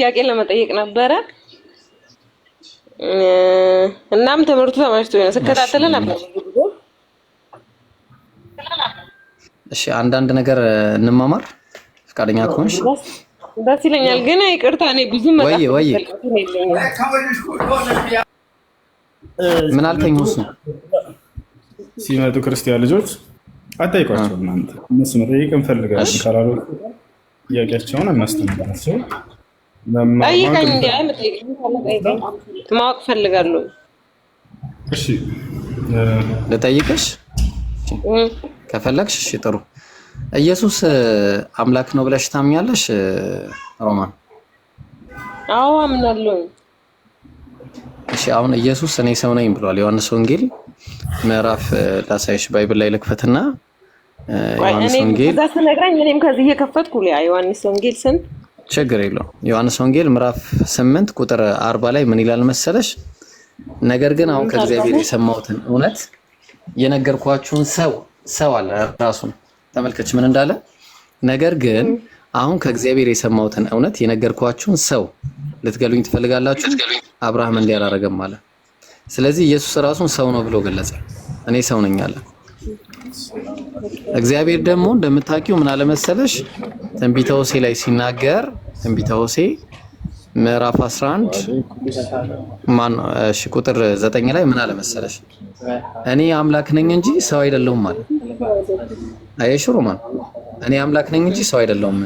ጥያቄ ለመጠየቅ ነበረ። እናም ትምህርቱ ተመችቶ ነው ስከታተል ነበር። እሺ፣ አንዳንድ ነገር እንማማር ፈቃደኛ ከሆንሽ ደስ ይለኛል። ግን ይቅርታ እኔ ብዙ ወይ ወይ ምን አልከኝ? ውስጥ ነው ሲመጡ ክርስቲያን ልጆች አታይቋቸው እናንተ እነሱ መጠየቅ እንፈልጋለን ካላሉ ጥያቄያቸውን እናስተምራቸው። ጠይቀኝ ማወቅ ፈልጋለሁ። እሺ ልጠይቅሽ ከፈለግሽ። እሺ ጥሩ። ኢየሱስ አምላክ ነው ብለሽ ታምኛለሽ ሮማን? አዎ አምናለሁ። እሺ አሁን ኢየሱስ እኔ ሰው ነኝ ብሏል። ዮሐንስ ወንጌል ምዕራፍ ላሳይሽ፣ ባይብል ላይ ልክፈትና ዮሐንስ ወንጌል ስነግረኝ እኔም ከዚህ እየከፈትኩ ያ ዮሐንስ ወንጌል ስንት ችግር የለው። ዮሐንስ ወንጌል ምዕራፍ ስምንት ቁጥር አርባ ላይ ምን ይላል መሰለሽ? ነገር ግን አሁን ከእግዚአብሔር የሰማሁትን እውነት የነገርኳችሁን ሰው ሰው አለ ራሱን ተመልከች፣ ምን እንዳለ። ነገር ግን አሁን ከእግዚአብሔር የሰማሁትን እውነት የነገርኳችሁን ሰው ልትገሉኝ ትፈልጋላችሁ፣ አብርሃም እንዲህ አላረገም አለ። ስለዚህ ኢየሱስ ራሱን ሰው ነው ብሎ ገለጸ። እኔ ሰው ነኝ አለ። እግዚአብሔር ደግሞ እንደምታውቂው ምን መሰለሽ ትንቢተ ሆሴ ላይ ሲናገር ትንቢተ ሆሴ ምዕራፍ 11 ማን እሺ ቁጥር 9 ላይ ምን መሰለሽ እኔ አምላክ ነኝ እንጂ ሰው አይደለሁም ማለት አየሽ ሮማን እኔ አምላክ ነኝ እንጂ ሰው አይደለሁም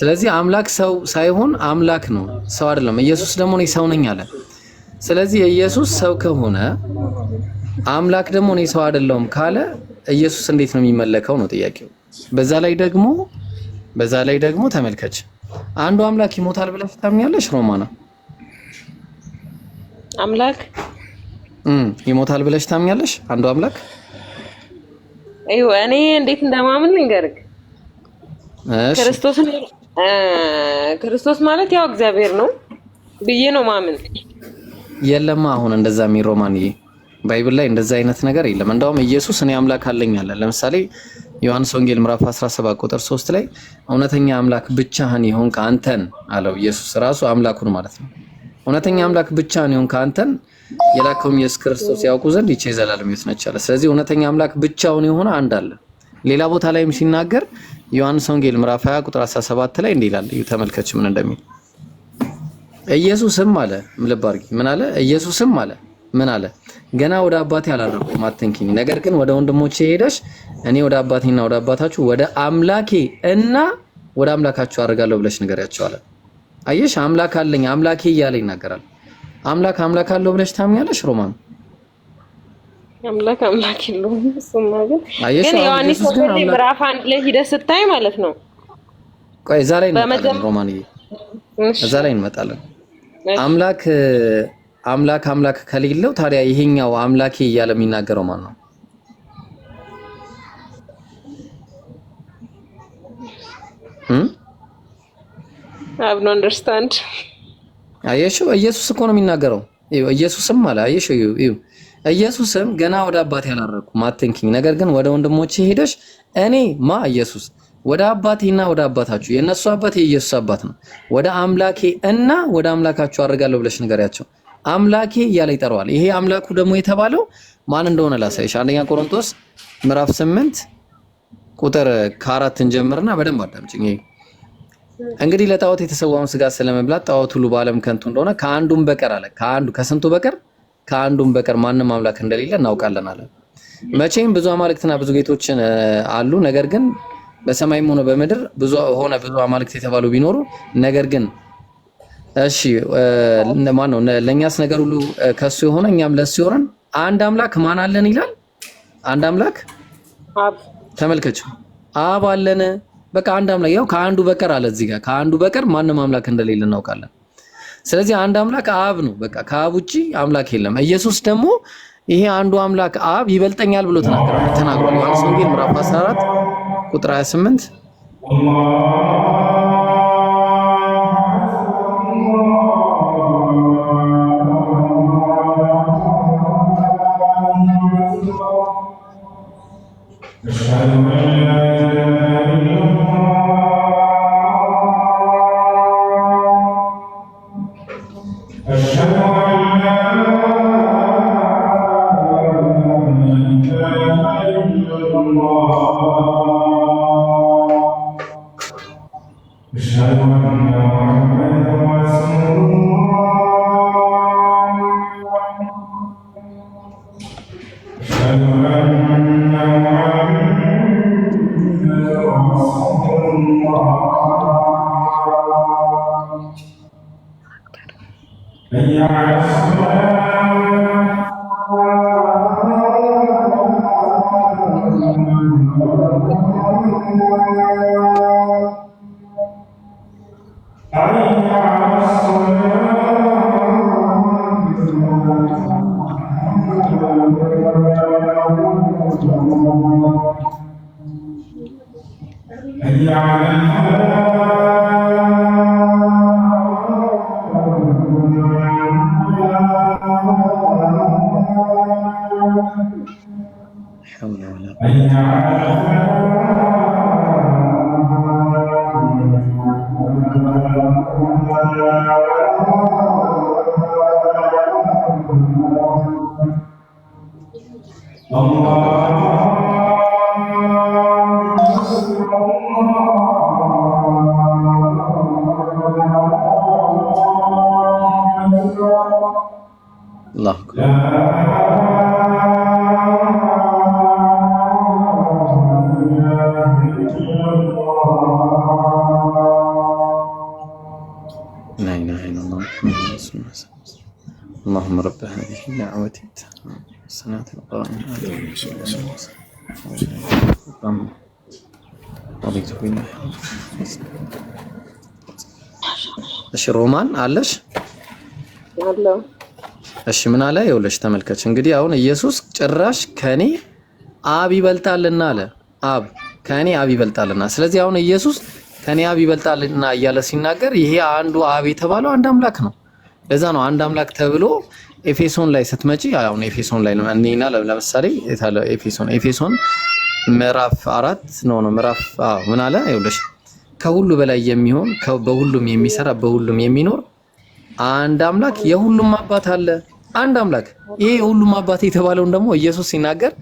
ስለዚህ አምላክ ሰው ሳይሆን አምላክ ነው ሰው አይደለም ኢየሱስ ደግሞ እኔ ሰው ነኝ አለ ስለዚህ ኢየሱስ ሰው ከሆነ አምላክ ደግሞ እኔ ሰው አይደለሁም ካለ ኢየሱስ እንዴት ነው የሚመለከው ነው ጥያቄው። በዛ ላይ ደግሞ በዛ ላይ ደግሞ ተመልከች፣ አንዱ አምላክ ይሞታል ብለሽ ታምኛለሽ? ሮማና አምላክ ይሞታል ብለሽ ታምኛለሽ? አንዱ አምላክ እዩ እኔ እንዴት እንደማምን ልንገርህ። ክርስቶስን ክርስቶስ ማለት ያው እግዚአብሔር ነው ብዬ ነው ማምን። የለማ አሁን እንደዛ የሚል ሮማንዬ ባይብል ላይ እንደዛ አይነት ነገር የለም። እንደውም ኢየሱስ እኔ አምላክ አለኝ አለ። ለምሳሌ ዮሐንስ ወንጌል ምዕራፍ 17 ቁጥር 3 ላይ እውነተኛ አምላክ ብቻህን ይሁን አንተን አለው። ኢየሱስ ራሱ አምላኩን ማለት ነው። እውነተኛ አምላክ ብቻህን ይሁን አንተን የላከውም ኢየሱስ ክርስቶስ ያውቁ ዘንድ ይቼ ዘላለም ሕይወት ነች አለ። ስለዚህ እውነተኛ አምላክ ብቻውን የሆነ አንድ አለ። ሌላ ቦታ ላይም ሲናገር ዮሐንስ ወንጌል ምዕራፍ 20 ቁጥር 17 ላይ እንዲህ ይላል። ተመልከች ምን እንደሚል ኢየሱስም አለ። ምልባርጊ ምን አለ? ኢየሱስም አለ። ምን አለ? ገና ወደ አባቴ አላረኩም አትንኪኝ። ነገር ግን ወደ ወንድሞቼ ሄደሽ እኔ ወደ አባቴና ወደ አባታችሁ ወደ አምላኬ እና ወደ አምላካችሁ አድርጋለሁ ብለሽ ንገሪያቸው አለ። አየሽ አምላክ አለኝ አምላኬ እያለ ይናገራል። አምላክ አምላክ አለው ብለሽ ታምኛለሽ ሮማን? አምላክ አምላክ የለውም። እሱማ ግን ግን ዮሐንስ ወንጌል ምዕራፍ አንድ ላይ ሂደህ ስታይ ማለት ነው። ቆይ እዛ ላይ እንመጣለን ሮማን፣ እዛ ላይ እንመጣለን አምላክ አምላክ አምላክ ከሌለው ታዲያ ይሄኛው አምላኬ እያለ የሚናገረው ማን ነው? አብ ነው አንደርስታንድ። አየሽው፣ ኢየሱስ እኮ ነው የሚናገረው። ኢየሱስም አለ አየሽው፣ ኢየሱስም ገና ወደ አባቴ አላረኩም አትንኪኝ፣ ነገር ግን ወደ ወንድሞቼ ሄደሽ እኔ ማ ኢየሱስ ወደ አባቴና ወደ አባታችሁ የእነሱ አባት የኢየሱስ አባት ነው፣ ወደ አምላኬ እና ወደ አምላካችሁ አድርጋለሁ ብለሽ ንገሪያቸው። አምላኬ እያለ ይጠራዋል። ይሄ አምላኩ ደግሞ የተባለው ማን እንደሆነ ላሳይሽ። አንደኛ ቆሮንቶስ ምዕራፍ ስምንት ቁጥር ከአራት እንጀምርና በደንብ አዳምጪኝ። እንግዲህ ለጣዖት የተሰዋውን ስጋ ስለመብላት ጣዖት ሁሉ በዓለም ከንቱ እንደሆነ ከአንዱም በቀር አለ ከአንዱ ከስንቱ በቀር ከአንዱም በቀር ማንም አምላክ እንደሌለ እናውቃለን አለ። መቼም ብዙ አማልክትና ብዙ ጌቶችን አሉ፣ ነገር ግን በሰማይም ሆነ በምድር ብዙ ሆነ ብዙ አማልክት የተባሉ ቢኖሩ ነገር ግን እሺ ማን ነው ለእኛስ ነገር ሁሉ ከሱ የሆነ እኛም ለሱ ይሆነን አንድ አምላክ ማን አለን ይላል። አንድ አምላክ ተመልከች፣ አብ አለን። በቃ አንድ አምላክ ያው ከአንዱ በቀር አለ እዚህ ጋር ከአንዱ በቀር ማንም አምላክ እንደሌለ እናውቃለን። ስለዚህ አንድ አምላክ አብ ነው። በቃ ከአብ ውጪ አምላክ የለም። ኢየሱስ ደግሞ ይሄ አንዱ አምላክ አብ ይበልጠኛል ብሎ ተናግሯል። ዮሐንስ ወንጌል ምዕራፍ 14 ቁጥር 28 حول ولا قوة اللهم رب هذه الدعوة الصلاة القائمة رضيت بالله እሺ ሮማን አለሽ? እሺ ምን አለ? ይኸውልሽ ተመልከች። እንግዲህ አሁን ኢየሱስ ጭራሽ ከኔ አብ ይበልጣልና አለ። አብ ከኔ አብ ይበልጣልና። ስለዚህ አሁን ኢየሱስ ከኔ አብ ይበልጣልና እያለ ሲናገር ይሄ አንዱ አብ የተባለው አንድ አምላክ ነው። ለዛ ነው አንድ አምላክ ተብሎ ኤፌሶን ላይ ስትመጪ አሁን ኤፌሶን ላይ እኔና ለምሳሌ የታለ ኤፌሶን ኤፌሶን ምዕራፍ አራት ነው ነው ምዕራፍ አዎ ምን አለ ይኸውልሽ ከሁሉ በላይ የሚሆን በሁሉም የሚሰራ በሁሉም የሚኖር አንድ አምላክ የሁሉም አባት አለ አንድ አምላክ ይሄ የሁሉም አባት የተባለውን ደግሞ ኢየሱስ ሲናገር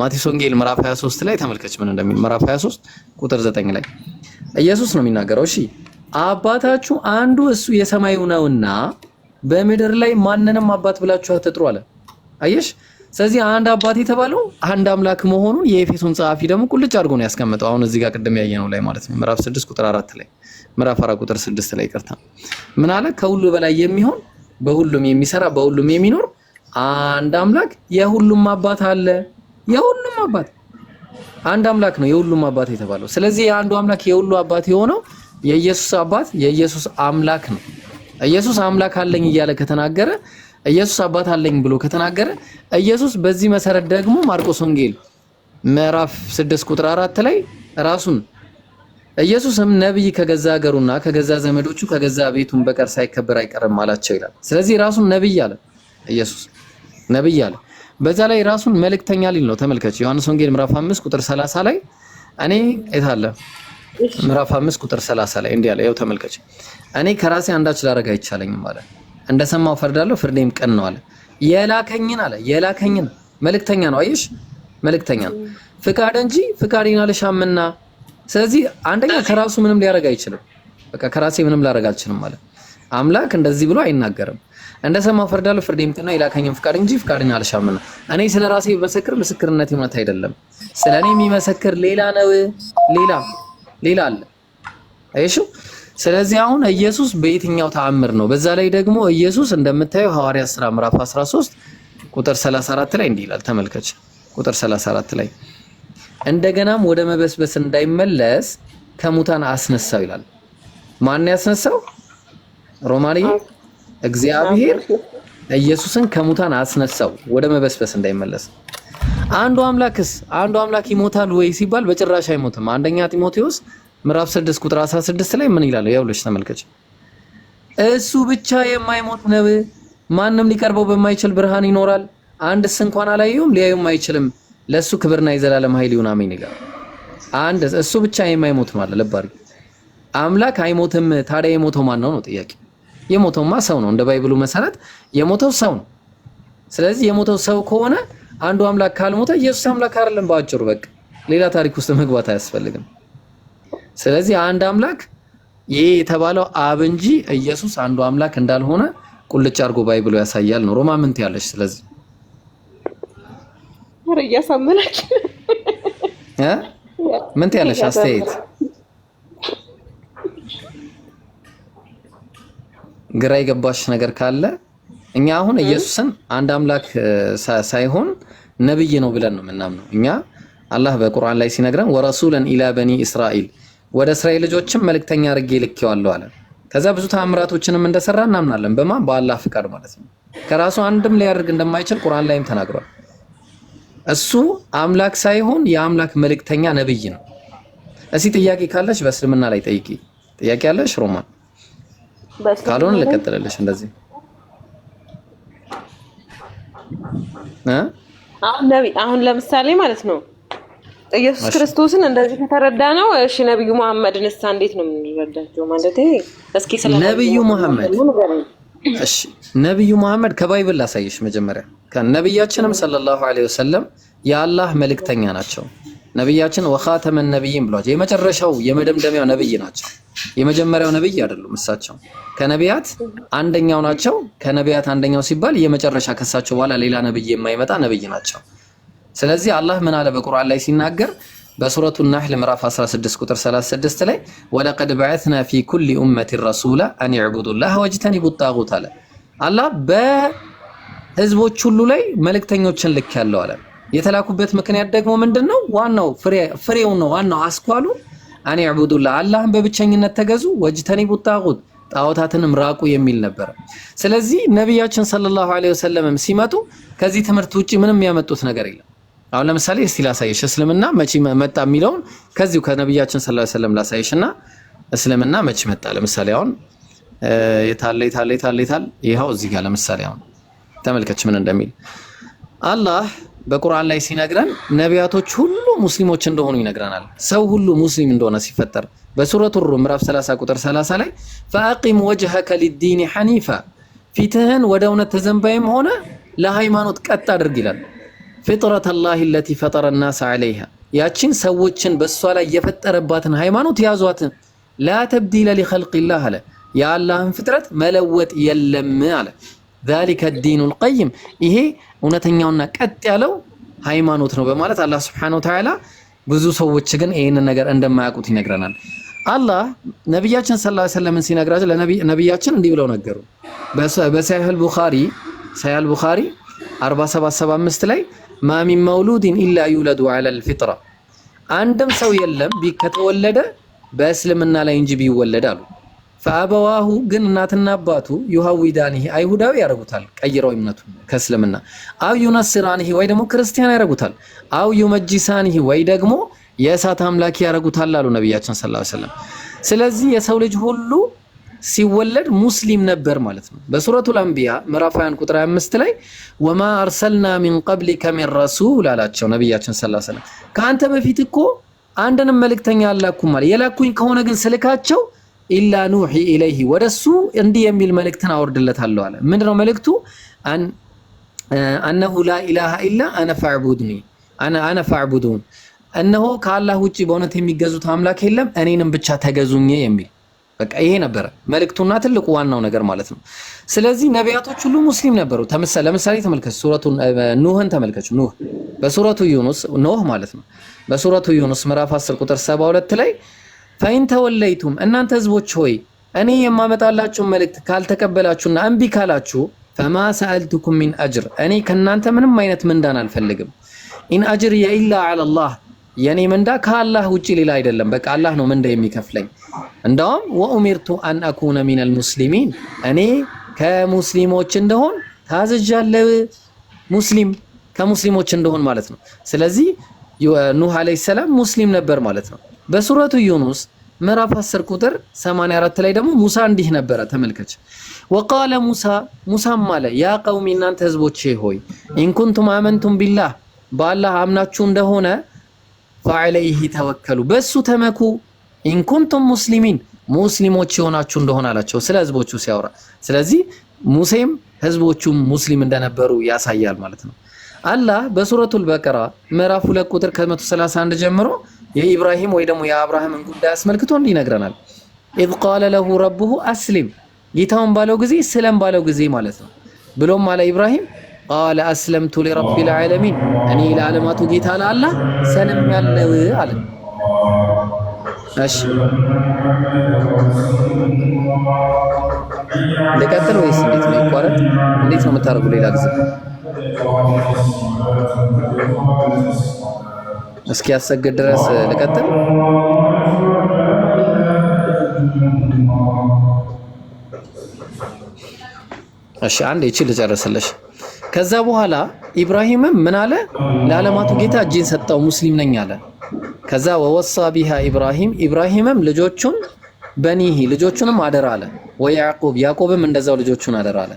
ማቴዎስ ወንጌል ምዕራፍ 23 ላይ ተመልከች ምን እንደሚል ምዕራፍ 23 ቁጥር 9 ላይ ኢየሱስ ነው የሚናገረው እሺ አባታችሁ አንዱ እሱ የሰማዩ ነውና በምድር ላይ ማንንም አባት ብላችሁ አትጥሩ አለ። አየሽ? ስለዚህ አንድ አባት የተባለው አንድ አምላክ መሆኑን የኤፌሶን ጸሐፊ ደግሞ ቁልጭ አድርጎ ነው ያስቀምጠው። አሁን እዚህ ጋር ቅድም ያየነው ላይ ማለት ነው ምዕራፍ 6 ቁጥር 4 ላይ ምዕራፍ 4 ቁጥር 6 ላይ ይቅርታ፣ ምን አለ? ከሁሉ በላይ የሚሆን በሁሉም የሚሰራ በሁሉም የሚኖር አንድ አምላክ የሁሉም አባት አለ። የሁሉም አባት አንድ አምላክ ነው የሁሉም አባት የተባለው። ስለዚህ የአንዱ አምላክ የሁሉ አባት የሆነው የኢየሱስ አባት የኢየሱስ አምላክ ነው። ኢየሱስ አምላክ አለኝ እያለ ከተናገረ ኢየሱስ አባት አለኝ ብሎ ከተናገረ ኢየሱስ በዚህ መሰረት ደግሞ ማርቆስ ወንጌል ምዕራፍ 6 ቁጥር 4 ላይ ራሱን ኢየሱስም ነብይ ከገዛ ሀገሩና ከገዛ ዘመዶቹ ከገዛ ቤቱን በቀር ሳይከበር አይቀርም አላቸው ይላል። ስለዚህ ራሱን ነብይ አለ ኢየሱስ ነብይ አለ። በዛ ላይ ራሱን መልእክተኛ ሊል ነው። ተመልከች ዮሐንስ ወንጌል ምዕራፍ 5 ቁጥር 30 ላይ እኔ የታለ ምዕራፍ አምስት ቁጥር ሰላሳ ላይ እንዲህ አለ። ይኸው ተመልከች። እኔ ከራሴ አንዳች ላደርግ አይቻለኝም አለ። እንደሰማው ፈርዳለሁ፣ ፍርዴም ቀን ነው አለ። የላከኝን አለ የላከኝን መልእክተኛ ነው። አየሽ መልእክተኛ ነው ፍቃድ እንጂ ፍቃዴን አልሻምና። ስለዚህ አንደኛ ከራሱ ምንም ሊያደርግ አይችልም። በቃ ከራሴ ምንም ላደርግ አልችልም አለ። አምላክ እንደዚህ ብሎ አይናገርም። እንደሰማው ፈርዳለሁ፣ ፍርዴም ቀን ነው። የላከኝን ፍቃድ እንጂ ፍቃዴን አልሻምና። እኔ ስለ ራሴ ብመሰክር ምስክርነት እውነት አይደለም። ስለ እኔ የሚመሰክር ሌላ ነው ሌላ ሌላ አለ። አይሹ ስለዚህ አሁን ኢየሱስ በየትኛው ተአምር ነው? በዛ ላይ ደግሞ ኢየሱስ እንደምታየው ሐዋርያ ሥራ ምዕራፍ 13 ቁጥር 34 ላይ እንዲህ ይላል። ተመልከች ቁጥር 34 ላይ እንደገናም ወደ መበስበስ እንዳይመለስ ከሙታን አስነሳው ይላል። ማን ያስነሳው? ሮማን እግዚአብሔር ኢየሱስን ከሙታን አስነሳው ወደ መበስበስ እንዳይመለስ አንዱ አምላክስ አንዱ አምላክ ይሞታል ወይ ሲባል በጭራሽ አይሞትም። አንደኛ ጢሞቴዎስ ምዕራፍ 6 ቁጥር 16 ላይ ምን ይላል? ያውልሽ ተመልከች። እሱ ብቻ የማይሞት ነው፣ ማንም ሊቀርበው በማይችል ብርሃን ይኖራል፣ አንድስ እንኳን አላየውም፣ ሊያዩም አይችልም። ለሱ ክብርና የዘላለም ኃይል ይሁን አሜን ይላል። አንድ እሱ ብቻ የማይሞት ማለት ለባር አምላክ አይሞትም። ታዲያ የሞተው ማን ነው ነው ጥያቄ። የሞተውማ ሰው ነው። እንደ ባይብሉ መሰረት የሞተው ሰው ነው። ስለዚህ የሞተው ሰው ከሆነ አንዱ አምላክ ካልሞተ ኢየሱስ አምላክ አይደለም። በአጭሩ በቃ ሌላ ታሪክ ውስጥ መግባት አያስፈልግም። ስለዚህ አንድ አምላክ ይሄ የተባለው አብ እንጂ ኢየሱስ አንዱ አምላክ እንዳልሆነ ቁልጭ አድርጎ ባይብሉ ያሳያል ነው። ሮማ ምን ትያለሽ? ስለዚህ እያሳመናች እ ምን አስተያየት ግራ የገባሽ ነገር ካለ እኛ አሁን ኢየሱስን አንድ አምላክ ሳይሆን ነብይ ነው ብለን ነው የምናምነው እኛ። አላህ በቁርአን ላይ ሲነግረን ወረሱለን ኢላ በኒ እስራኤል ወደ እስራኤል ልጆችም መልእክተኛ አድርጌ ልኬዋለሁ አለ። ከዛ ብዙ ተአምራቶችንም እንደሰራ እናምናለን። በማ በአላህ ፍቃድ ማለት ነው። ከራሱ አንድም ሊያደርግ እንደማይችል ቁርአን ላይም ተናግሯል። እሱ አምላክ ሳይሆን የአምላክ መልእክተኛ ነብይ ነው። እስኪ ጥያቄ ካለሽ በእስልምና ላይ ጠይቂ። ጥያቄ አለሽ ሮማን? ካልሆነ ልቀጥልልሽ እንደዚህ አሁን ነቢ አሁን ለምሳሌ ማለት ነው ኢየሱስ ክርስቶስን እንደዚህ ከተረዳ ነው። እሺ ነብዩ መሐመድን እሳ እንዴት ነው የምንረዳቸው? ማለት እስኪ ስለ ነቢዩ መሐመድ እሺ፣ ነቢዩ መሐመድ ከባይብል ላሳየሽ መጀመሪያ ከነብያችንም ሰለላሁ ዐለይሂ ወሰለም የአላህ መልእክተኛ ናቸው። ነብያችን ወኻተመን ነብይን ብሏቸው የመጨረሻው የመደምደሚያው ነብይ ናቸው። የመጀመሪያው ነብይ አይደሉም። እሳቸው ከነቢያት አንደኛው ናቸው። ከነቢያት አንደኛው ሲባል የመጨረሻ ከሳቸው በኋላ ሌላ ነብይ የማይመጣ ነብይ ናቸው። ስለዚህ አላህ ምን አለ በቁርአን ላይ ሲናገር በሱረቱ ናህል ምዕራፍ 16 ቁጥር 36 ላይ ወለቀድ በዐትና ፊ ኩሊ ኡመቲን ረሱላ አን ዕቡዱላህ ወጅተኒቡ ጣጉት አለ። አላህ በህዝቦች ሁሉ ላይ መልእክተኞችን ልክ ያለው አለ። የተላኩበት ምክንያት ደግሞ ምንድን ነው? ዋናው ፍሬው ነው። ዋናው አስኳሉ አኔ ዕቡዱላ አላህን በብቸኝነት ተገዙ፣ ወጅተኒቡ ጣጉት ጣዖታትንም ራቁ የሚል ነበር። ስለዚህ ነቢያችን ሰለላሁ ዐለይሂ ወሰለም ሲመጡ ከዚህ ትምህርት ውጪ ምንም የሚያመጡት ነገር የለም። አሁን ለምሳሌ እስቲ ላሳይሽ እስልምና መቼ መጣ የሚለውን ከዚሁ ከነቢያችን ሰለላሁ ዐለይሂ ወሰለም ላሳይሽና እስልምና መቼ መጣ። ለምሳሌ አሁን የታለ የታለ የታለ የታለ ይኸው እዚህ ጋር ለምሳሌ አሁን ተመልከች ምን እንደሚል አላህ በቁርአን ላይ ሲነግረን ነቢያቶች ሁሉ ሙስሊሞች እንደሆኑ ይነግረናል። ሰው ሁሉ ሙስሊም እንደሆነ ሲፈጠር በሱረቱ ሩም ምዕራፍ 30 ቁጥር 30 ላይ ፈአቂም ወጅሀከ ሊዲኒ ሐኒፋ ፊትህን ወደ እውነት ተዘንባይም ሆነ ለሃይማኖት ቀጥ አድርግ ይላል። ፍጥረት አላህ ለቲ ፈጠረ ናስ ዐለይሃ ያችን ሰዎችን በእሷ ላይ የፈጠረባትን ሃይማኖት ያዟትን። ላ ተብዲለ ሊኸልቂላህ አለ የአላህን ፍጥረት መለወጥ የለም አለ ዛሊከ ዲኑል ቀይም ይሄ እውነተኛውና ቀጥ ያለው ሃይማኖት ነው በማለት አላህ ሱብሓነሁ ወተዓላ ብዙ ሰዎች ግን ይህንን ነገር እንደማያውቁት ይነግረናል። አላህ ነቢያችን ሰለላሁ ዐለይሂ ወሰለም ሲነግራቸው ለነቢያችን እንዲህ ብለው ነገሩ። በሳሂህ ቡኻሪ ሳሂህ ቡኻሪ 4775 ላይ ማሚን መውሉድን ኢላ ዩለዱ ዐለል ፊጥራ አንድም ሰው የለም ከተወለደ በእስልምና ላይ እንጂ ቢወለድ አሉ። ፈአበዋሁ ግን እናትና አባቱ ይሄ አይሁዳዊ ያደርጉታል፣ ቀይረው እምነቱን ከእስልምና አው ዩነስራን ይሄ ወይ ደግሞ ክርስቲያን ያደርጉታል፣ አው ዩመጂሳን ይሄ ወይ ደግሞ የእሳት አምላኪ ያደርጉታል አሉ ነቢያችን ሰለላሁ ዐለይሂ ወሰለም። ስለዚህ የሰው ልጅ ሁሉ ሲወለድ ሙስሊም ነበር ማለት ነው። በሱረቱል አንቢያ ምዕራፍ 1 ቁጥር 25 ላይ ወማ አርሰልና ሚን ቀብሊከ ሚን ረሱል አላቸው ነቢያችን ሰለላሁ ዐለይሂ ወሰለም። ከአንተ በፊት እኮ አንድንም መልእክተኛ አላኩም ማለት የላኩኝ ከሆነ ግን ስልካቸው ኢላ ኑሂ ኢለይሂ ወደሱ እንዲህ የሚል መልእክትን አወርድለታለሁ አለ። ምንድነው መልእክቱ? አነሁ ላ ኢላሃ ኢላ አነ ፈዕቡድኒ አነ ፈዕቡዱን፣ እነሆ ከአላህ ውጭ በእውነት የሚገዙት አምላክ የለም እኔንም ብቻ ተገዙኝ የሚል በቃ ይሄ ነበረ መልእክቱና ትልቁ ዋናው ነገር ማለት ነው። ስለዚህ ነቢያቶች ሁሉ ሙስሊም ነበሩ። ለምሳሌ ተመልከቱ፣ ሱረቱ ኑህን ተመልከቱ። ኑህ በሱረቱ ዩኑስ ኖህ ማለት ነው። በሱረቱ ዩኑስ ምዕራፍ 10 ቁጥር 72 ላይ ፈይን ተወለይቱም እናንተ ህዝቦች ሆይ እኔ የማመጣላችሁን መልእክት ካልተቀበላችሁና እምቢ ካላችሁ ፈማ ሰአልቱኩም ሚን አጅር እኔ ከእናንተ ምንም አይነት ምንዳን አልፈልግም። ኢን አጅር የኢላ አለላህ የእኔ ምንዳ ከአላህ ውጭ ሌላ አይደለም። በቃ አላህ ነው ምንዳ የሚከፍለኝ። እንደውም ወኡሚርቱ አን አኩነ ሚነል ሙስሊሚን እኔ ከሙስሊሞች እንደሆን ታዘዣለሁ። ሙስሊም ከሙስሊሞች እንደሆን ማለት ነው። ስለዚህ ኑህ ዓለይሂ ሰላም ሙስሊም ነበር ማለት ነው። በሱረቱ ዩኑስ ምዕራፍ 10 ቁጥር 84 ላይ ደግሞ ሙሳ እንዲህ ነበረ። ተመልከች። ወቃለ ሙሳ ሙሳም አለ ያ ቀውሚ እናንተ ህዝቦቼ ሆይ ኢንኩንቱም አመንቱም ቢላህ በአላህ አምናችሁ እንደሆነ ፈዐለይሂ ተወከሉ በሱ ተመኩ ኢንኩንቱም ሙስሊሚን ሙስሊሞች የሆናችሁ እንደሆነ አላቸው፣ ስለ ህዝቦቹ ሲያወራ። ስለዚህ ሙሴም ህዝቦቹም ሙስሊም እንደነበሩ ያሳያል ማለት ነው። አላህ በሱረቱል በቀራ ምዕራፍ 2 ቁጥር ከ131 ጀምሮ የኢብራሂም ወይ ደግሞ የአብርሃምን ጉዳይ አስመልክቶ እንዲህ ይነግረናል። ኢዝ ቃለ ለሁ ረብሁ አስሊም ጌታውን ባለው ጊዜ ስለም ባለው ጊዜ ማለት ነው። ብሎም አለ ኢብራሂም ቃለ አስለምቱ ሊረቢል ዓለሚን እኔ ለዓለማቱ ጌታ ለአላህ ሰለም ያለው አለ። እሺ ልቀጥል ወይስ እንዴት ነው? ይቋረጥ? እንዴት ነው የምታደርጉ ሌላ ጊዜ እስኪያሰግድ ድረስ ልቀጥል። እሺ አንድ እቺ ልጨርስልሽ። ከዛ በኋላ ኢብራሂምም ምን አለ? ለዓለማቱ ጌታ እጄን ሰጠው ሙስሊም ነኝ አለ። ከዛ ወወሳ ቢሃ ኢብራሂም ኢብራሂምም ልጆቹን በኒሂ ልጆቹንም አደራ አለ። ወያዕቁብ ያዕቆብም እንደዛው ልጆቹን አደራ አለ።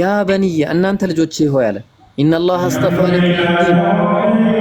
ያ በኒየ እናንተ ልጆቼ ሆይ አለ ኢነላህ አስተፋ ለኩም ዲን